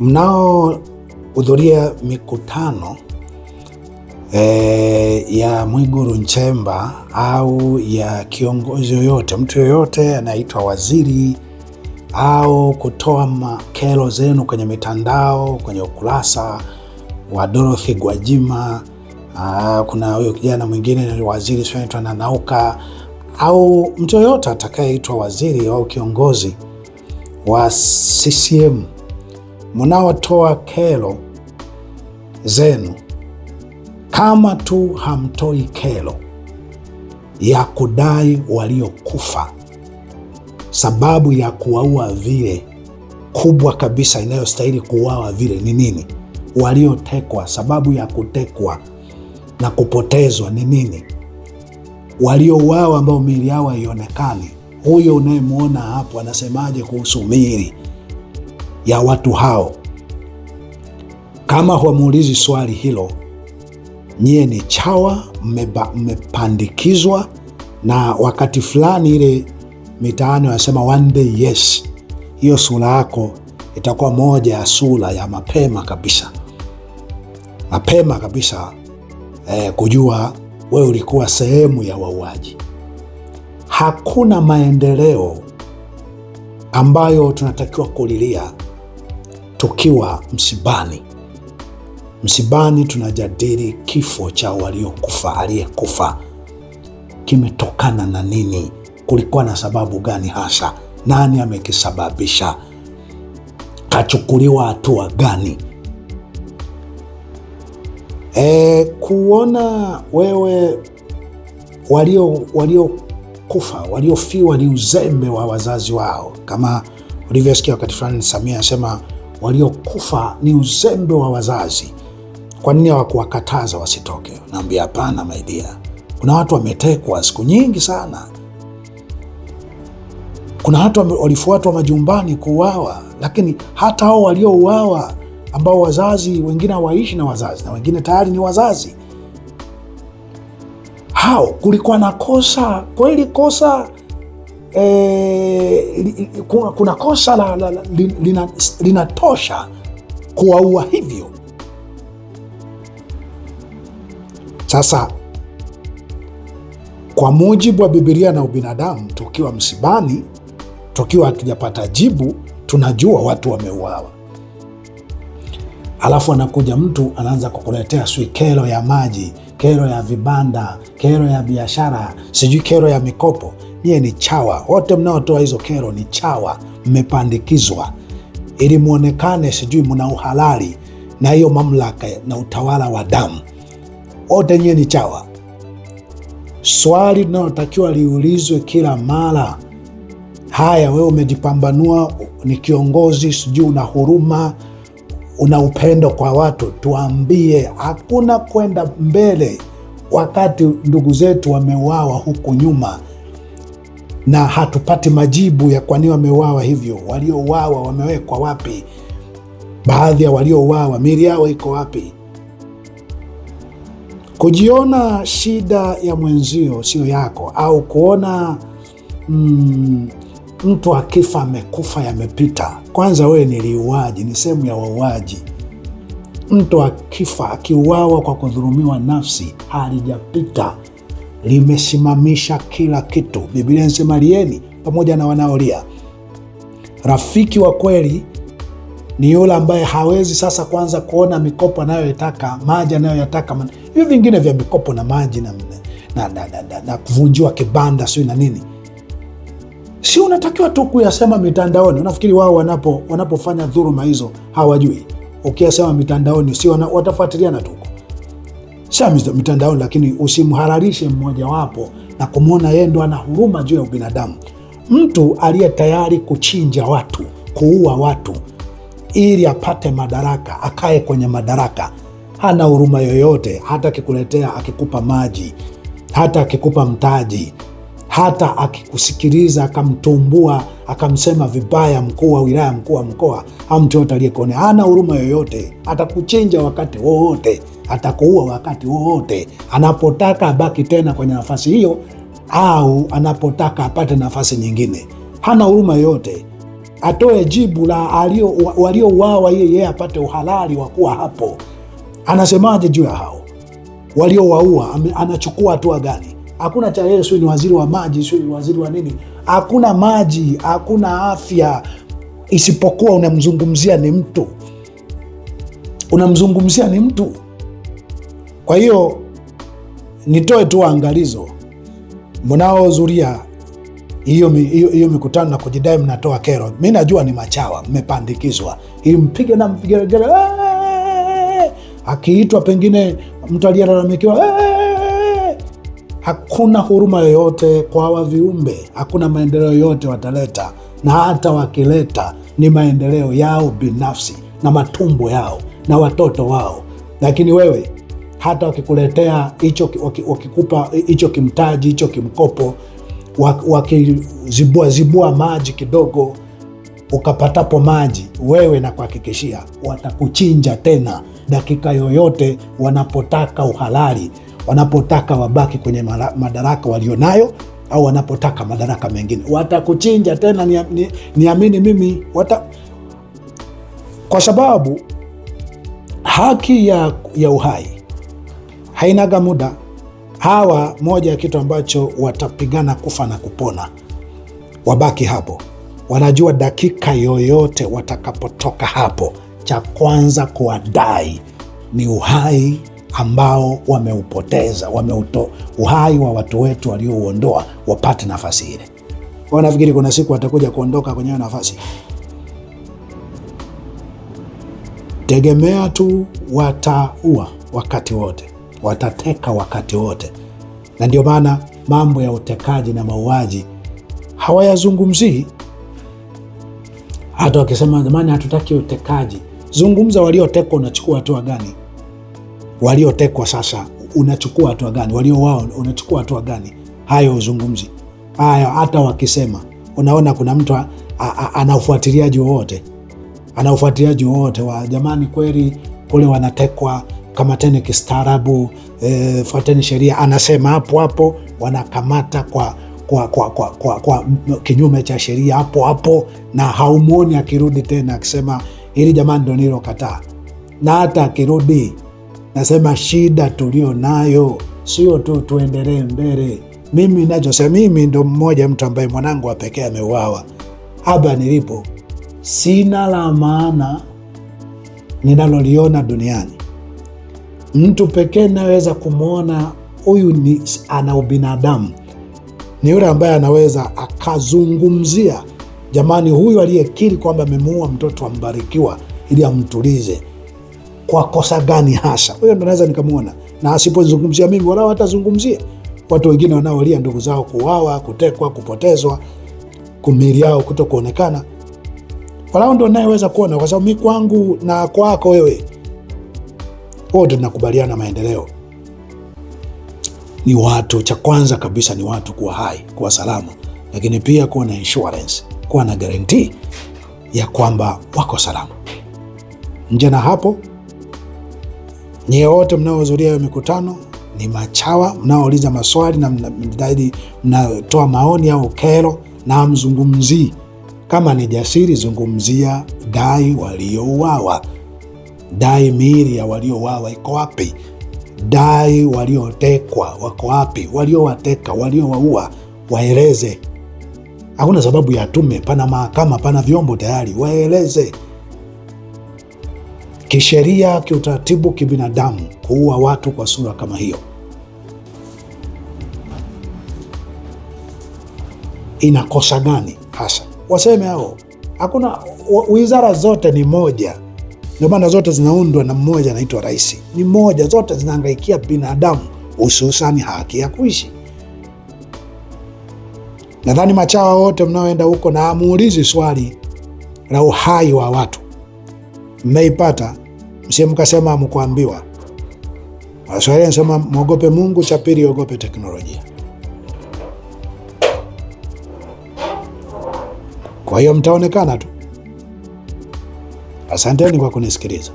mnaohudhuria mikutano e, ya Mwigulu Nchemba au ya kiongozi yoyote, mtu yoyote anaitwa waziri au kutoa makelo zenu kwenye mitandao, kwenye ukurasa wa Dorothy Gwajima. Aa, ah, kuna huyo kijana mwingine waziri sio anaitwa Nanauka au mtu yoyote atakayeitwa waziri au kiongozi wa CCM mnaotoa kero zenu, kama tu hamtoi kero ya kudai waliokufa, sababu ya kuwaua vile kubwa kabisa inayostahili kuuawa vile ni nini? Waliotekwa, sababu ya kutekwa na kupotezwa ni nini? Waliouawa ambao miili yao haionekani, huyo unayemwona hapo anasemaje kuhusu miili? ya watu hao. Kama hamuulizi swali hilo, nyie ni chawa, mmepandikizwa na wakati fulani, ile mitaani wanasema one day yes. Hiyo sura yako itakuwa moja ya sura ya mapema kabisa, mapema kabisa eh, kujua wewe ulikuwa sehemu ya wauaji. Hakuna maendeleo ambayo tunatakiwa kulilia tukiwa msibani. Msibani tunajadili kifo cha waliokufa, aliyekufa kimetokana na nini, kulikuwa na sababu gani hasa, nani amekisababisha, kachukuliwa hatua gani? E, kuona wewe walio waliokufa waliofiwa ni uzembe wa wazazi wao, kama ulivyosikia wakati fulani Samia anasema, waliokufa ni uzembe wa wazazi. Kwa nini hawakuwakataza wasitoke? Naambia hapana, maidia kuna watu wametekwa siku nyingi sana, kuna watu walifuatwa majumbani kuuawa, lakini hata hao waliouawa ambao wazazi wengine hawaishi na wazazi na wengine tayari ni wazazi hao, kulikuwa na kosa kweli, kosa e, kuna, kuna kosa la, la, la, lina, linatosha kuwaua hivyo. Sasa kwa mujibu wa Bibilia na ubinadamu, tukiwa msibani, tukiwa hatujapata jibu, tunajua watu wameuawa, alafu anakuja mtu anaanza kukuletea sui kero ya maji, kero ya vibanda, kero ya biashara, sijui kero ya mikopo nyie ni chawa wote, mnaotoa hizo kero ni chawa, mmepandikizwa ili muonekane sijui mna uhalali na hiyo mamlaka na utawala wa damu. Wote nyie ni chawa. Swali linalotakiwa liulizwe kila mara, haya, wewe umejipambanua, ni kiongozi, sijui una huruma, una upendo kwa watu, tuambie. Hakuna kwenda mbele wakati ndugu zetu wameuawa huku nyuma na hatupati majibu ya kwa nini wameuawa hivyo, waliouawa wamewekwa wapi, baadhi ya waliouawa miili yao iko wapi? Kujiona shida ya mwenzio sio yako, au kuona mm, mtu akifa amekufa yamepita. Kwanza wewe niliuaji, ni sehemu ya wauaji. Mtu akifa akiuawa kwa kudhulumiwa nafsi halijapita limesimamisha kila kitu. Biblia inasema lieni pamoja na wanaolia. Rafiki wa kweli ni yule ambaye hawezi sasa kwanza kuona mikopo anayoitaka, maji anayoyataka, hivi vingine vya mikopo na maji na, na, na, na, na, na kuvunjiwa kibanda sio na nini, si unatakiwa tu kuyasema mitandaoni. Unafikiri wao wanapo wanapofanya dhuruma hizo hawajui? Ukiyasema mitandaoni, si watafuatiliana tu sha mitandaoni, lakini usimhararishe mmojawapo na kumwona yeye ndo ana huruma juu ya ubinadamu. Mtu aliye tayari kuchinja watu, kuua watu ili apate madaraka, akae kwenye madaraka, hana huruma yoyote. Hata akikuletea, akikupa maji, hata akikupa mtaji, hata akikusikiliza, akamtumbua, akamsema vibaya mkuu wa wilaya, mkuu wa mkoa, au mtu yoyote aliyekuonea, hana huruma yoyote, atakuchinja wakati wowote atakuua wakati wowote anapotaka abaki tena kwenye nafasi hiyo, au anapotaka apate nafasi nyingine. Hana huruma yoyote, atoe jibu la waliouawa yeye, yeye apate uhalali wa kuwa hapo. Anasemaje juu ya hao waliowaua? Anachukua hatua gani? Hakuna cha yeye, sio ni waziri wa maji, sio ni waziri wa nini. Hakuna maji, hakuna afya, isipokuwa unamzungumzia ni mtu, unamzungumzia ni mtu. Kwa hiyo nitoe tu angalizo, mnaohudhuria hiyo mikutano na kujidai mnatoa kero, mi najua ni machawa mmepandikizwa, ili mpige na mvigeregere. Akiitwa pengine mtu aliyelalamikiwa, hakuna huruma yoyote kwa hawa viumbe, hakuna maendeleo yoyote wataleta, na hata wakileta ni maendeleo yao binafsi na matumbo yao na watoto wao, lakini wewe hata wakikuletea hicho wakikupa hicho kimtaji hicho kimkopo, wakizibua zibua maji kidogo, ukapatapo maji wewe, na kuhakikishia watakuchinja tena dakika yoyote wanapotaka uhalali, wanapotaka wabaki kwenye madaraka walionayo au wanapotaka madaraka mengine watakuchinja tena. Niamini ni, ni mimi wata, kwa sababu haki ya, ya uhai hainaga muda. Hawa moja ya kitu ambacho watapigana kufa na kupona, wabaki hapo. Wanajua dakika yoyote watakapotoka hapo, cha kwanza kuwadai ni uhai ambao wameupoteza, wameuto uhai wa watu wetu waliouondoa, wapate nafasi ile. nafikiri kuna siku watakuja kuondoka kwenye nafasi. Tegemea tu wataua wakati wote watateka wakati wote, na ndio maana mambo ya utekaji na mauaji hawayazungumzii. Hata wakisema jamani, hatutaki utekaji, zungumza waliotekwa, unachukua hatua gani? Waliotekwa sasa unachukua hatua gani? Waliowao unachukua hatua gani? Hayo uzungumzi hayo. Hata wakisema unaona, kuna mtu ana ufuatiliaji wowote, ana ufuatiliaji wowote wa jamani, kweli kule wanatekwa kamateni kistaarabu, e, fuateni sheria. Anasema hapo hapo wanakamata kwa, kwa, kwa, kwa, kwa, kwa kinyume cha sheria hapo hapo, na haumwoni akirudi tena akisema hili jamani, ndo nilokataa. Na hata akirudi nasema shida tulio nayo sio tu tuendelee mbele. Mimi nachosema, mimi ndo mmoja mtu ambaye mwanangu wa pekee ameuawa hapa nilipo, sina la maana ninaloliona duniani mtu pekee inayeweza kumwona huyu ni ana ubinadamu ni yule ambaye anaweza akazungumzia, jamani, huyu aliyekiri kwamba amemuua mtoto ambarikiwa ili amtulize, kwa kosa gani hasa? Huyo ndo naweza nikamwona, na asipozungumzia mimi, wala hatazungumzia watu wengine wanaolia ndugu zao kuwawa kutekwa, kupotezwa, kumili yao kuto kuonekana. Walao ndo nayeweza kuona, kwa sababu mi kwangu na kwako wewe wote tunakubaliana maendeleo ni watu, cha kwanza kabisa ni watu kuwa hai, kuwa salama, lakini pia kuwa na insurance, kuwa na guarantee ya kwamba wako salama. Nje na hapo, nyie wote mnaohudhuria hiyo mikutano ni machawa, mnaouliza maswali na mnatoa maoni au kero na hamzungumzii. Kama ni jasiri, zungumzia dai waliouawa. Dai miili ya waliowawa iko wapi? Dai waliotekwa wako wapi? Waliowateka, waliowaua waeleze. Hakuna sababu ya tume, pana mahakama, pana vyombo tayari, waeleze kisheria, kiutaratibu, kibinadamu, kuua watu kwa sura kama hiyo inakosa gani hasa? Waseme hao, hakuna wizara zote ni moja ndio maana zote zinaundwa na mmoja anaitwa rais, ni mmoja, zote zinahangaikia binadamu, hususani haki ya kuishi. Nadhani machawa wote mnaoenda huko na amuulizi swali la uhai wa watu mmeipata, msie mkasema amkuambiwa. Waswahili anasema mwogope Mungu, cha pili ogope teknolojia. Kwa hiyo mtaonekana tu. Asanteni kwa kunisikiliza.